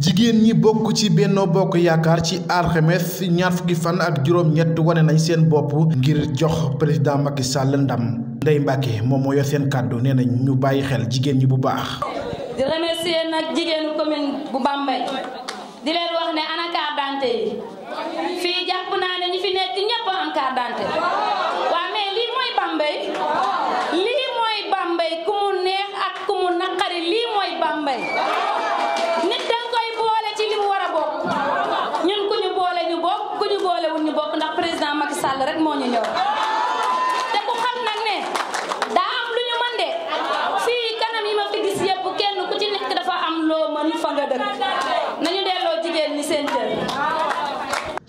jigéen ñi bokk ci Benno Bokk Yaakaar ci alxames ñaar fukki fan ak juróom-ñett wane nañ seen bopp ngir jox président Macky Sall ndam Ndeye Mbacke moom moo yor seen kàddu nee nañ ñu bàyyi xel jigéen ñi bu baax. di remercier nag jigéenu commune bu Bambey di leen wax ne ana carte yi fii jàpp naa ne ñi fi nekk ñëpp am carte d'identité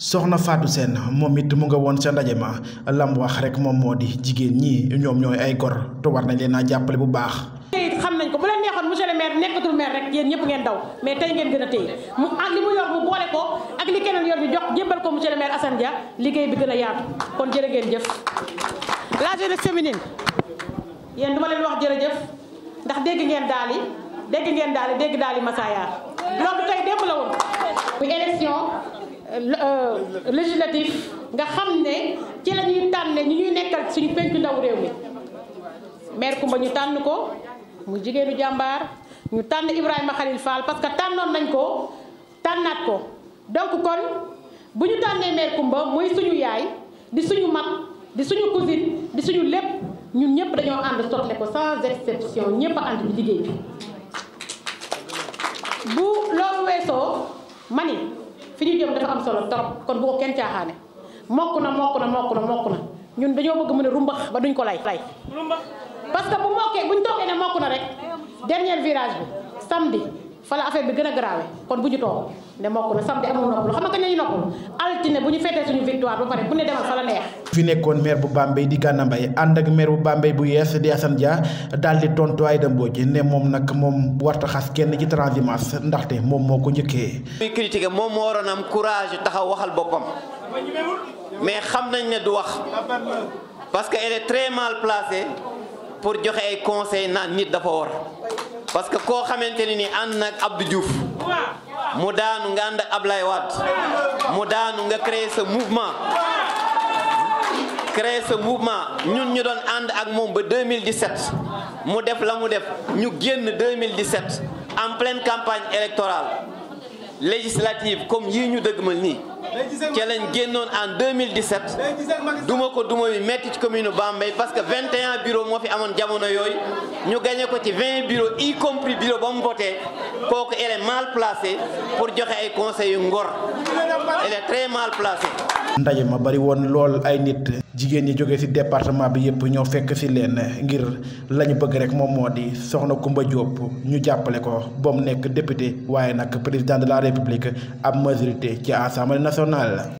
soxna Fatou seen moom it mu nga woon ca ndaje ma lam wax rek moom moo di jigéen ñi ñoom ñooy ay gor te war nañ leen a jàppale bu baax. a téye li mu yor a yaatu la woon muy élection Euh, législatif nga xam ne ci la ñuy tànne ñu ñuy nekkal suñu pencu ndaw réew mi maire Coumba ñu tànn ko mu jigéenu jàmbaar ñu tànn Ibrahima Khalil Fall parce que tànnoon nañ ko tànnaat ko donc kon bu ñu tànnee maire Coumba muy suñu yaay di suñu mag di suñu cousine di suñu lépp ñun ñëpp dañoo ànd sotle ko sans exception ñëpp a ànd bi liggéey bi bu loolu weesoo mani fi ñu jëm dafa am solo torop kon bu ko kenn caaxaane mokk na mokk na mokk na mokk na ñun dañoo bëgg mu ne rumbax ba duñ ko lay lay parce que bu mokkee buñ toogee ne mokk na rek dernier virage bi samedi fa la affaire bi gën a grave kon bu ñu toog ne mokk na samedi amul nopp lu xam nga ñu altine bu ñu feetee suñu victoire ba pare bu ne demal fa neex. fi nekkoon maire bu Bambey di Gana Mbaye ànd ak maire bu Bambey bu yees di Assane Dia daal di tontu Aïda Mbodj ne moom nag moom wartaxas kenn ci transhumance ndaxte moom moo ko njëkkee. muy critiqué moom moo waroon am courage taxaw waxal boppam mais xam nañ ne du wax parce que elle très mal placée pour joxe ay conseils naan nit parce que koo xamante ne ni ànd nag ab Diouf mu daanu nga ànd ak Ablaye Wade mu daanu nga créer sa mouvement créer sa mouvement ñun ñu doon ànd ak moom ba 2017 mu def la mu def ñu génn 2017 en pleine campagne électorale législative comme yi ñu dëgmal nii ca lañ génnoon en 2017 duma ko duma yu metti ci commune Bambey parce que 21 bureau moo fi amoon jamono yooyu ñu gagné ko ci 20 bureau y compris bureau ba mu voté kooku elle est mal placée pour joxe ay conseils yu ngor elle est très mal placée. ndaje ma bari woon lool ay nit. jigéen ñi jóge ci département bi yépp ñoo fekk ci leen ngir la ñu bëgg rek moom moo di soxna Kumba Diop ñu jàppale ko ba mu nekk député waaye nag président de la république ab majorité ci assemblée nationale. nationale